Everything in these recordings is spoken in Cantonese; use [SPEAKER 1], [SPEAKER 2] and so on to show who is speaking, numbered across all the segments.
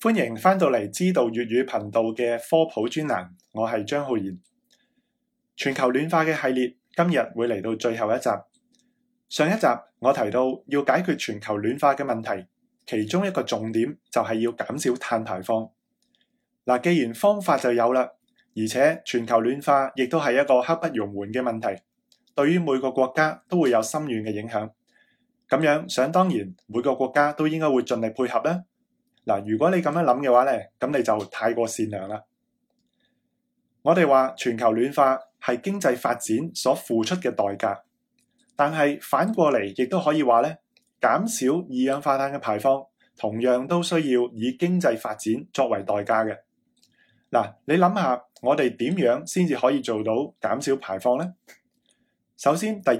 [SPEAKER 1] 歡迎翻到嚟知道粵語頻道嘅科普專欄，我係張浩然。全球暖化嘅系列今日會嚟到最後一集。上一集我提到要解決全球暖化嘅問題，其中一個重點就係要減少碳排放。嗱，既然方法就有啦，而且全球暖化亦都係一個刻不容緩嘅問題，對於每個國家都會有深遠嘅影響。咁樣想，當然，每個國家都應該會盡力配合啦。嗱，如果你咁樣諗嘅話呢，咁你就太過善良啦。我哋話全球暖化係經濟發展所付出嘅代價，但係反過嚟亦都可以話呢，減少二氧化碳嘅排放同樣都需要以經濟發展作為代價嘅。嗱，你諗下，我哋點樣先至可以做到減少排放呢？首先，第一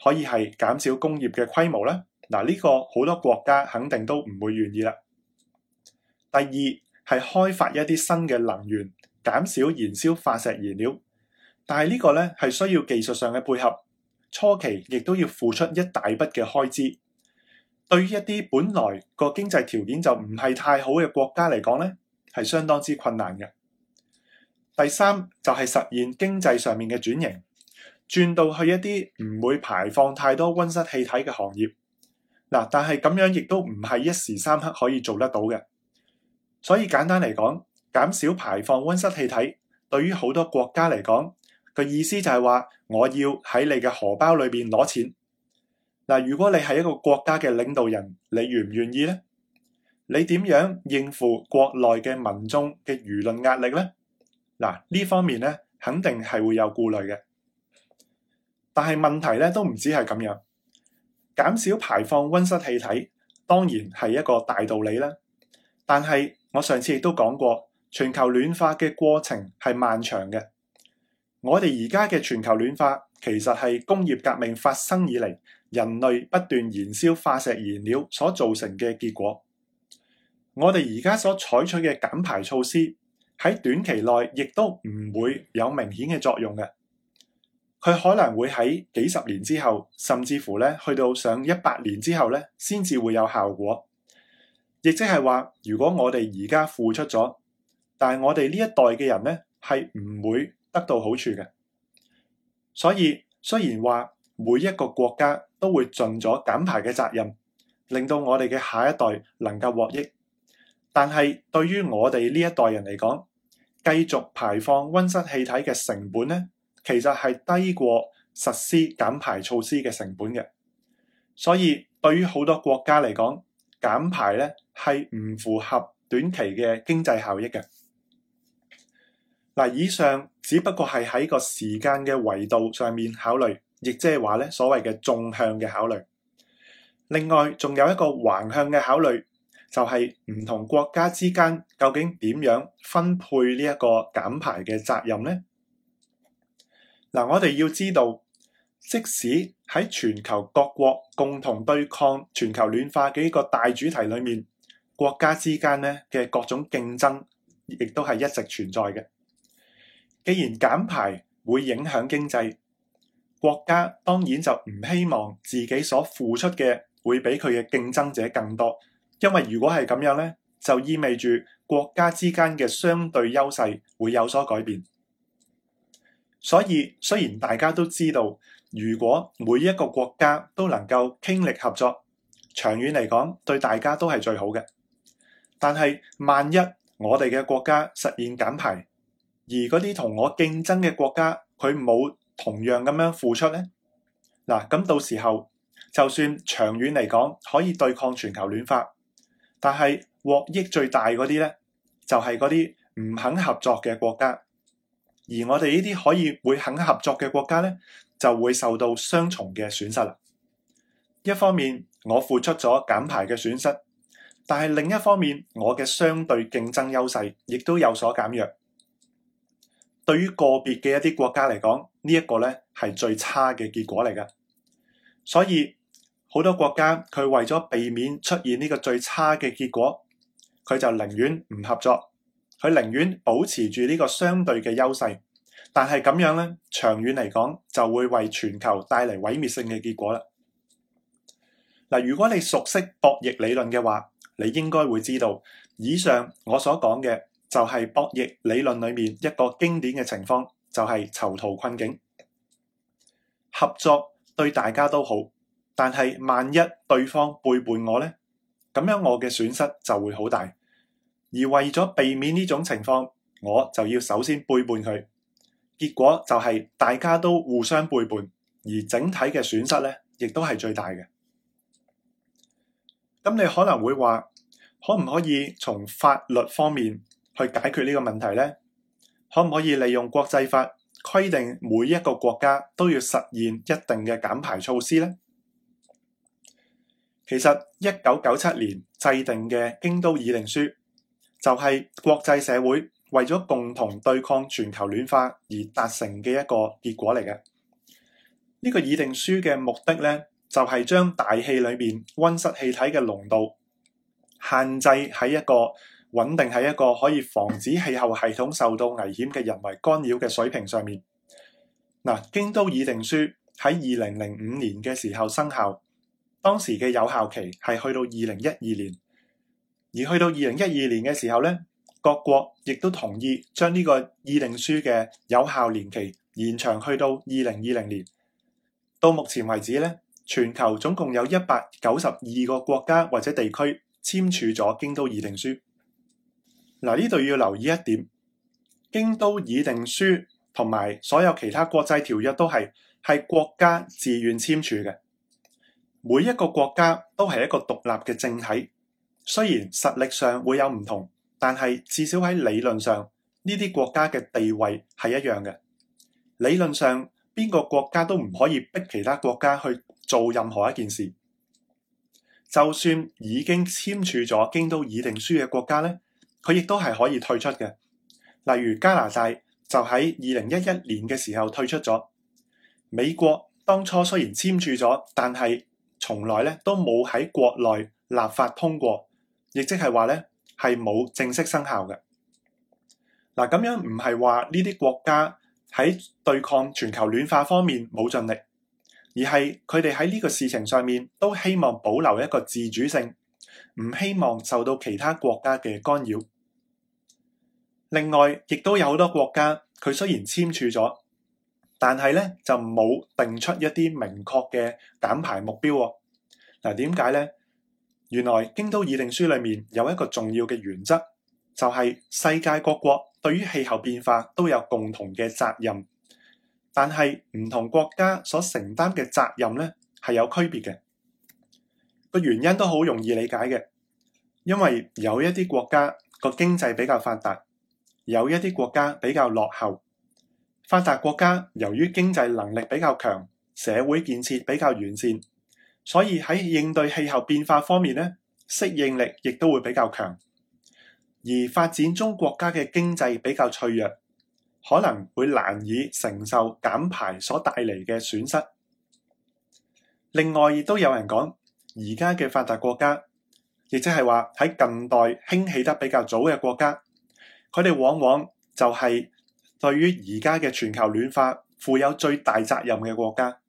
[SPEAKER 1] 可以係減少工業嘅規模呢，嗱，呢個好多國家肯定都唔會願意啦。第二係開發一啲新嘅能源，減少燃燒化石燃料。但係呢個呢係需要技術上嘅配合，初期亦都要付出一大筆嘅開支。對於一啲本來個經濟條件就唔係太好嘅國家嚟講呢，係相當之困難嘅。第三就係實現經濟上面嘅轉型，轉到去一啲唔會排放太多温室氣體嘅行業嗱。但係咁樣亦都唔係一時三刻可以做得到嘅。所以簡單嚟講，減少排放溫室氣體，對於好多國家嚟講，個意思就係話，我要喺你嘅荷包裏邊攞錢。嗱，如果你係一個國家嘅領導人，你願唔願意呢？你點樣應付國內嘅民眾嘅輿論壓力呢？嗱，呢方面咧，肯定係會有顧慮嘅。但係問題咧，都唔止係咁樣。減少排放溫室氣體，當然係一個大道理啦。但係。我上次亦都講過，全球暖化嘅過程係漫長嘅。我哋而家嘅全球暖化其實係工業革命發生以嚟，人類不斷燃燒化石燃料所造成嘅結果。我哋而家所採取嘅減排措施喺短期內亦都唔會有明顯嘅作用嘅，佢可能會喺幾十年之後，甚至乎咧去到上一百年之後咧，先至會有效果。亦即係話，如果我哋而家付出咗，但係我哋呢一代嘅人呢係唔會得到好處嘅。所以雖然話每一個國家都會盡咗減排嘅責任，令到我哋嘅下一代能夠獲益，但係對於我哋呢一代人嚟講，繼續排放溫室氣體嘅成本呢，其實係低過實施減排措施嘅成本嘅。所以對於好多國家嚟講，減排咧係唔符合短期嘅經濟效益嘅。嗱，以上只不過係喺個時間嘅維度上面考慮，亦即係話咧所謂嘅縱向嘅考慮。另外，仲有一個橫向嘅考慮，就係唔同國家之間究竟點樣分配呢一個減排嘅責任呢？嗱，我哋要知道。即使喺全球各國共同對抗全球暖化嘅一個大主題裏面，國家之間咧嘅各種競爭亦都係一直存在嘅。既然減排會影響經濟，國家當然就唔希望自己所付出嘅會比佢嘅競爭者更多，因為如果係咁樣咧，就意味住國家之間嘅相對優勢會有所改變。所以雖然大家都知道。如果每一個國家都能夠傾力合作，長遠嚟講對大家都係最好嘅。但係萬一我哋嘅國家實現減排，而嗰啲同我競爭嘅國家，佢冇同樣咁樣付出呢？嗱，咁到時候就算長遠嚟講可以對抗全球暖化，但係獲益最大嗰啲呢，就係嗰啲唔肯合作嘅國家，而我哋呢啲可以會肯合作嘅國家呢。就會受到雙重嘅損失啦。一方面我付出咗減排嘅損失，但係另一方面我嘅相對競爭優勢亦都有所減弱。對於個別嘅一啲國家嚟講，呢一個呢係最差嘅結果嚟噶。所以好多國家佢為咗避免出現呢個最差嘅結果，佢就寧願唔合作，佢寧願保持住呢個相對嘅優勢。但係咁樣呢，長遠嚟講就會為全球帶嚟毀滅性嘅結果啦。嗱，如果你熟悉博弈理論嘅話，你應該會知道，以上我所講嘅就係博弈理論裏面一個經典嘅情況，就係囚徒困境。合作對大家都好，但係萬一對方背叛我呢，咁樣我嘅損失就會好大。而為咗避免呢種情況，我就要首先背叛佢。結果就係大家都互相背叛，而整體嘅損失咧，亦都係最大嘅。咁你可能會話，可唔可以從法律方面去解決呢個問題呢？可唔可以利用國際法規定每一個國家都要實現一定嘅減排措施呢？其實一九九七年制定嘅京都議定書就係國際社會。為咗共同對抗全球暖化而達成嘅一個結果嚟嘅，呢個議定書嘅目的呢，就係將大氣裏面温室氣體嘅濃度限制喺一個穩定喺一個可以防止氣候系統受到危險嘅人為干擾嘅水平上面。嗱，京都議定書喺二零零五年嘅時候生效，當時嘅有效期係去到二零一二年，而去到二零一二年嘅時候呢。各國亦都同意將呢個議定書嘅有效年期延長去到二零二零年。到目前為止咧，全球總共有一百九十二個國家或者地區簽署咗京都議定書。嗱，呢度要留意一點：京都議定書同埋所有其他國際條約都係係國家自願簽署嘅。每一個國家都係一個獨立嘅政體，雖然實力上會有唔同。但係至少喺理論上，呢啲國家嘅地位係一樣嘅。理論上，邊個國家都唔可以逼其他國家去做任何一件事。就算已經簽署咗《京都議定書》嘅國家呢，佢亦都係可以退出嘅。例如加拿大就喺二零一一年嘅時候退出咗。美國當初雖然簽署咗，但係從來咧都冇喺國內立法通過，亦即係話呢。係冇正式生效嘅。嗱，咁樣唔係話呢啲國家喺對抗全球暖化方面冇盡力，而係佢哋喺呢個事情上面都希望保留一個自主性，唔希望受到其他國家嘅干擾。另外，亦都有好多國家，佢雖然簽署咗，但係呢就冇定出一啲明確嘅減排目標。嗱，點解呢？原來《京都議定書》裏面有一個重要嘅原則，就係世界各國對於氣候變化都有共同嘅責任，但係唔同國家所承擔嘅責任呢，係有區別嘅。個原因都好容易理解嘅，因為有一啲國家個經濟比較發達，有一啲國家比較落後。發達國家由於經濟能力比較強，社會建設比較完善。所以喺應對氣候變化方面咧，適應力亦都會比較強，而發展中國家嘅經濟比較脆弱，可能會難以承受減排所帶嚟嘅損失。另外亦都有人講，而家嘅發達國家，亦即係話喺近代興起得比較早嘅國家，佢哋往往就係對於而家嘅全球暖化負有最大責任嘅國家。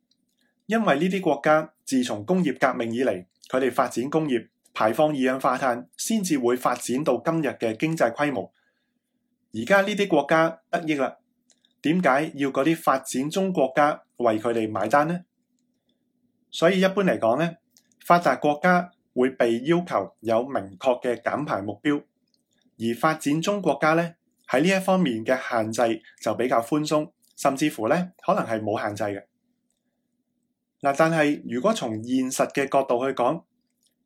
[SPEAKER 1] 因為呢啲國家自從工業革命以嚟，佢哋發展工業排放二氧化碳，先至會發展到今日嘅經濟規模。而家呢啲國家得益啦，點解要嗰啲發展中國家為佢哋買單呢？所以一般嚟講呢，發達國家會被要求有明確嘅減排目標，而發展中國家呢，喺呢一方面嘅限制就比較寬鬆，甚至乎呢可能係冇限制嘅。但係如果從現實嘅角度去講，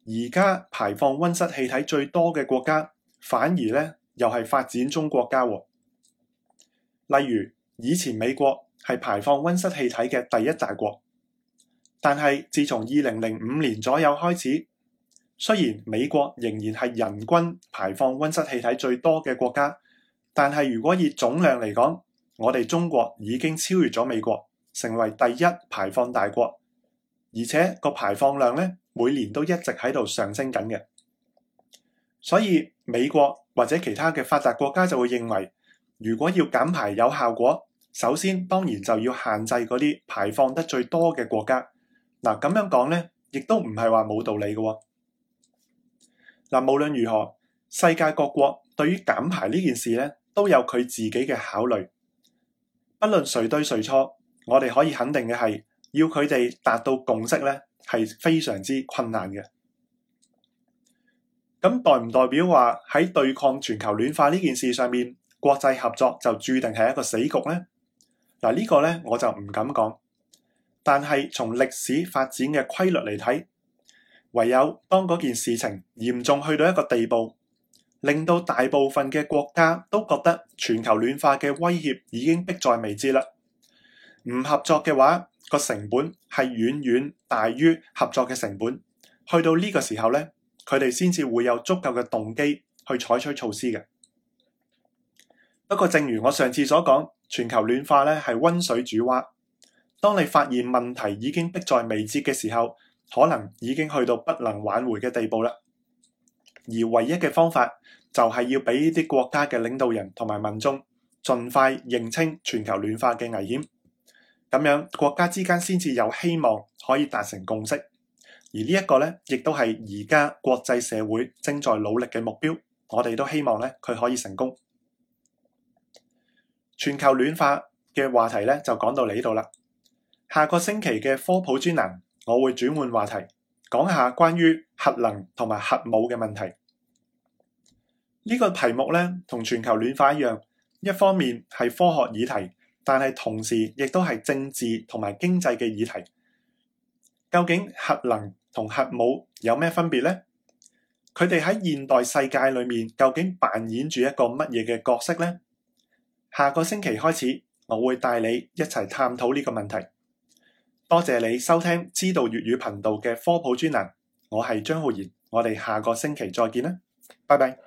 [SPEAKER 1] 而家排放温室氣體最多嘅國家，反而咧又係發展中國家喎、哦。例如以前美國係排放温室氣體嘅第一大國，但係自從二零零五年左右開始，雖然美國仍然係人均排放温室氣體最多嘅國家，但係如果以總量嚟講，我哋中國已經超越咗美國，成為第一排放大國。而且個排放量咧，每年都一直喺度上升緊嘅，所以美國或者其他嘅發達國家就會認為，如果要減排有效果，首先當然就要限制嗰啲排放得最多嘅國家。嗱，咁樣講咧，亦都唔係話冇道理嘅喎。嗱，無論如何，世界各國對於減排呢件事咧，都有佢自己嘅考慮。不論誰對誰錯，我哋可以肯定嘅係。要佢哋達到共識呢，係非常之困難嘅。咁代唔代表話喺對抗全球暖化呢件事上面，國際合作就注定係一個死局呢？嗱，呢個呢，我就唔敢講。但係從歷史發展嘅規律嚟睇，唯有當嗰件事情嚴重去到一個地步，令到大部分嘅國家都覺得全球暖化嘅威脅已經迫在眉睫啦，唔合作嘅話，個成本係遠遠大於合作嘅成本，去到呢個時候呢佢哋先至會有足夠嘅動機去採取措施嘅。不過，正如我上次所講，全球暖化呢係温水煮蛙，當你發現問題已經迫在眉睫嘅時候，可能已經去到不能挽回嘅地步啦。而唯一嘅方法就係要俾啲國家嘅領導人同埋民眾盡快認清全球暖化嘅危險。咁樣國家之間先至有希望可以達成共識，而呢一個呢，亦都係而家國際社會正在努力嘅目標。我哋都希望呢，佢可以成功。全球暖化嘅話題呢，就講到呢度啦。下個星期嘅科普專欄，我會轉換話題，講下關於核能同埋核武嘅問題。呢個題目呢，同全球暖化一樣，一方面係科學議題。但係同時亦都係政治同埋經濟嘅議題。究竟核能同核武有咩分別呢？佢哋喺現代世界裏面究竟扮演住一個乜嘢嘅角色呢？下個星期開始，我會帶你一齊探討呢個問題。多謝你收聽知道粵語頻道嘅科普專欄，我係張浩然，我哋下個星期再見啦，拜拜。